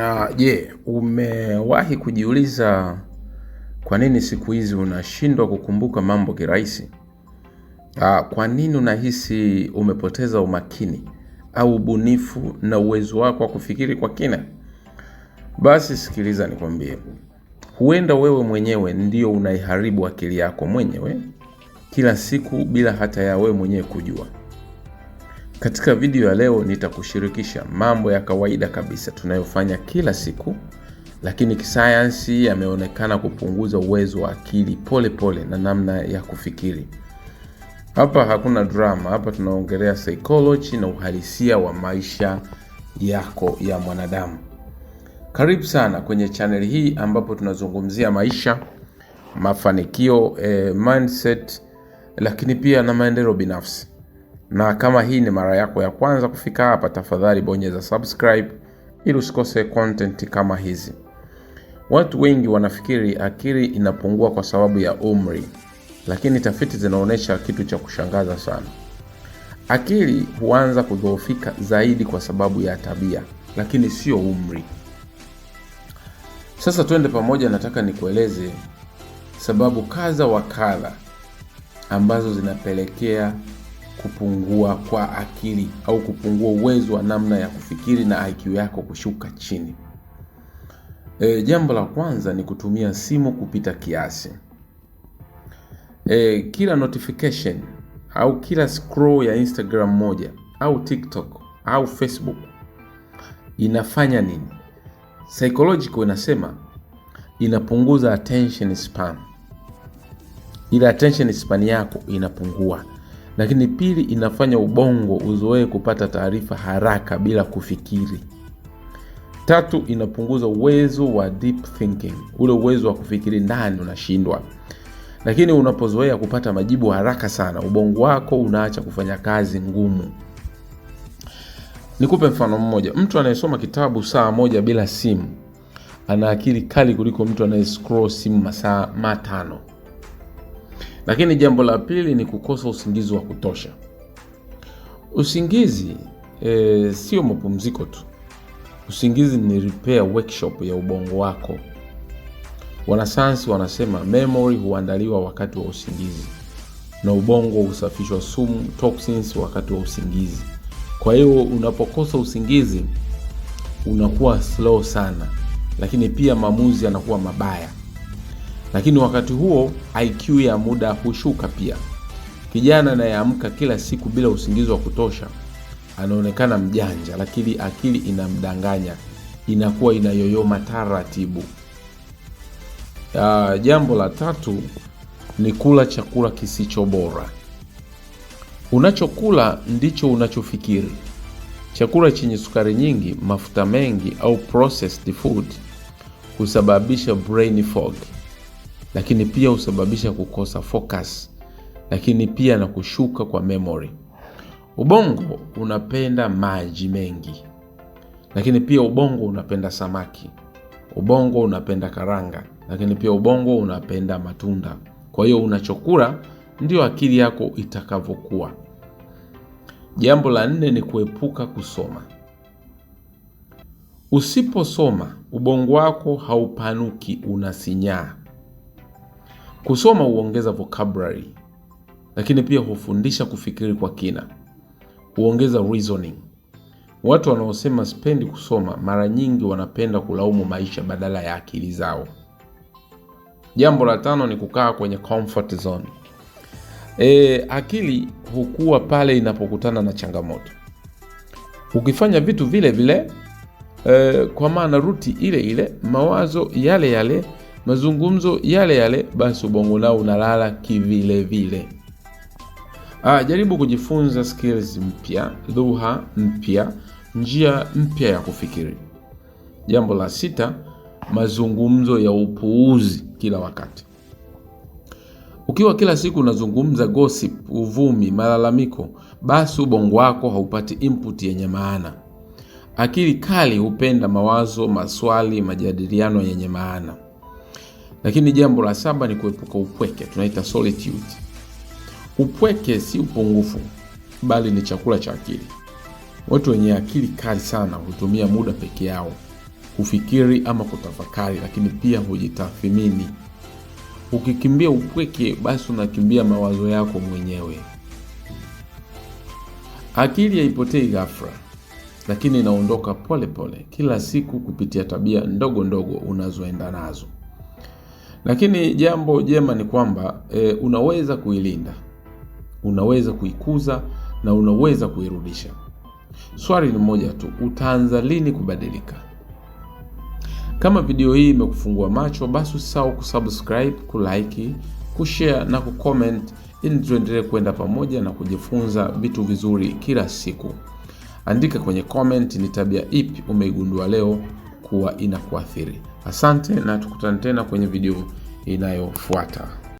Ah, je, yeah, umewahi kujiuliza kwa nini siku hizi unashindwa kukumbuka mambo kirahisi? Ah, kwa nini unahisi umepoteza umakini au ubunifu na uwezo wako wa kufikiri kwa kina? Basi sikiliza nikwambie, huenda wewe mwenyewe ndio unaiharibu akili yako mwenyewe kila siku bila hata ya wewe mwenyewe kujua. Katika video ya leo nitakushirikisha mambo ya kawaida kabisa tunayofanya kila siku, lakini kisayansi yameonekana kupunguza uwezo wa akili polepole pole na namna ya kufikiri. Hapa hakuna drama, hapa tunaongelea psychology na uhalisia wa maisha yako ya mwanadamu. Karibu sana kwenye chaneli hii ambapo tunazungumzia maisha, mafanikio, eh, mindset, lakini pia na maendeleo binafsi na kama hii ni mara yako ya kwanza kufika hapa, tafadhali bonyeza subscribe ili usikose content kama hizi. Watu wengi wanafikiri akili inapungua kwa sababu ya umri, lakini tafiti zinaonyesha kitu cha kushangaza sana. Akili huanza kudhoofika zaidi kwa sababu ya tabia, lakini sio umri. Sasa twende pamoja, nataka nikueleze sababu kadha wa kadha ambazo zinapelekea kupungua kwa akili au kupungua uwezo wa namna ya kufikiri na IQ yako kushuka chini. E, jambo la kwanza ni kutumia simu kupita kiasi. E, kila notification au kila scroll ya Instagram moja au TikTok au Facebook inafanya nini? Psychological inasema inapunguza attention span, Ile attention span yako inapungua lakini pili, inafanya ubongo uzoee kupata taarifa haraka bila kufikiri. Tatu, inapunguza uwezo wa deep thinking, ule uwezo wa kufikiri ndani unashindwa. Lakini unapozoea kupata majibu haraka sana, ubongo wako unaacha kufanya kazi ngumu. Nikupe mfano mmoja, mtu anayesoma kitabu saa moja bila simu ana akili kali kuliko mtu anayescroll simu masaa matano. Lakini jambo la pili ni kukosa usingizi wa kutosha. Usingizi e, sio mapumziko tu. Usingizi ni repair workshop ya ubongo wako. Wanasayansi wanasema memory huandaliwa wakati wa usingizi na ubongo husafishwa sumu toxins wakati wa usingizi. Kwa hiyo unapokosa usingizi unakuwa slow sana, lakini pia maamuzi yanakuwa mabaya lakini wakati huo IQ ya muda hushuka pia. Kijana anayeamka kila siku bila usingizi wa kutosha anaonekana mjanja, lakini akili inamdanganya, inakuwa inayoyoma taratibu. Uh, jambo la tatu ni kula chakula kisicho bora. Unachokula ndicho unachofikiri. Chakula chenye sukari nyingi, mafuta mengi au processed food husababisha brain fog lakini pia husababisha kukosa focus, lakini pia na kushuka kwa memory. Ubongo unapenda maji mengi, lakini pia ubongo unapenda samaki, ubongo unapenda karanga, lakini pia ubongo unapenda matunda. Kwa hiyo unachokula ndio akili yako itakavyokuwa. Jambo la nne ni kuepuka kusoma. Usiposoma ubongo wako haupanuki, unasinyaa. Kusoma huongeza vocabulary, lakini pia hufundisha kufikiri kwa kina, huongeza reasoning. Watu wanaosema sipendi kusoma mara nyingi wanapenda kulaumu maisha badala ya akili zao. Jambo la tano ni kukaa kwenye comfort zone. E, akili hukua pale inapokutana na changamoto. Ukifanya vitu vile vile e, kwa maana ruti ile ile, mawazo yale yale mazungumzo yale yale, basi ubongo nao unalala kivilevile. Ah, jaribu kujifunza skills mpya, lugha mpya, njia mpya ya kufikiri. Jambo la sita, mazungumzo ya upuuzi kila wakati. Ukiwa kila siku unazungumza gossip, uvumi, malalamiko, basi ubongo wako haupati input yenye maana. Akili kali hupenda mawazo, maswali, majadiliano yenye maana. Lakini jambo la saba ni kuepuka upweke, tunaita solitude. Upweke si upungufu, bali ni chakula cha akili. Watu wenye akili kali sana hutumia muda peke yao kufikiri ama kutafakari, lakini pia hujitathmini. Ukikimbia upweke, basi unakimbia mawazo yako mwenyewe. Akili haipotei ghafla, lakini inaondoka polepole pole, kila siku kupitia tabia ndogo ndogo unazoenda nazo. Lakini jambo jema ni kwamba e, unaweza kuilinda, unaweza kuikuza na unaweza kuirudisha. Swali ni moja tu, utaanza lini kubadilika? Kama video hii imekufungua macho, basi usisahau kusubscribe, kulike, kushare na kucomment ili tuendelee kwenda pamoja na kujifunza vitu vizuri kila siku. Andika kwenye comment ni tabia ipi umeigundua leo kuwa inakuathiri. Asante na tukutane tena kwenye video inayofuata.